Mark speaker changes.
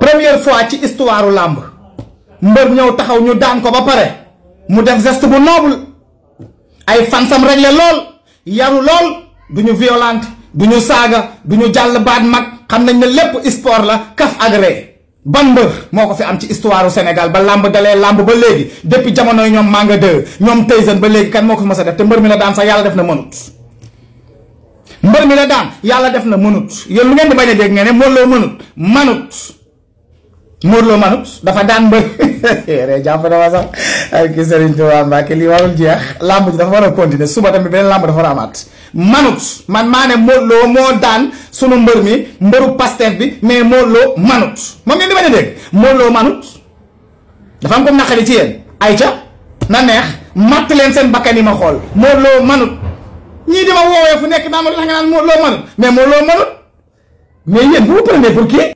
Speaker 1: première fois ci histoire làmb mbër ñëw taxaw ñu daan ko ba pare mu def geste bu noble ay fansam réglé lool yaru lool du ñu violente du ñu saaga du ñu jàll baat mag xam nañ ne lépp sport la kaf agre ban mbër moo ko fi am ci histoire Sénégal ba làmb dalee làmb ba léegi depuis jamonoy ñoom Manga 2 ñoom Tyson ba léegi kan moo ko fi mës a def te mbër mi la daan sax yàlla def na mënut mbër mi la yàlla def na mënut yéen lu ngeen di bañ a dégg ngeen ne moo loo mënut manut Mourlo Manus dafa daan mbër re jàpp dama sax ak ki Serigne Touba Mbacke lii warul jeex làmb ji dafa war a continuer suba tamit beneen làmb dafa war a amaat Manus man maa ne Mourlo moo daan sunu mbër mi mbëru Pastef bi mais Mourlo Manus moom ngeen di bañ a dégg Mourlo Manus dafa am leen seen bakkan yi ma xool Mourlo Manus ñii di ma woowee fu nekk ma tax nga naan Mourlo mais Mourlo Manus mais
Speaker 2: yéen bu vous prenez pour qui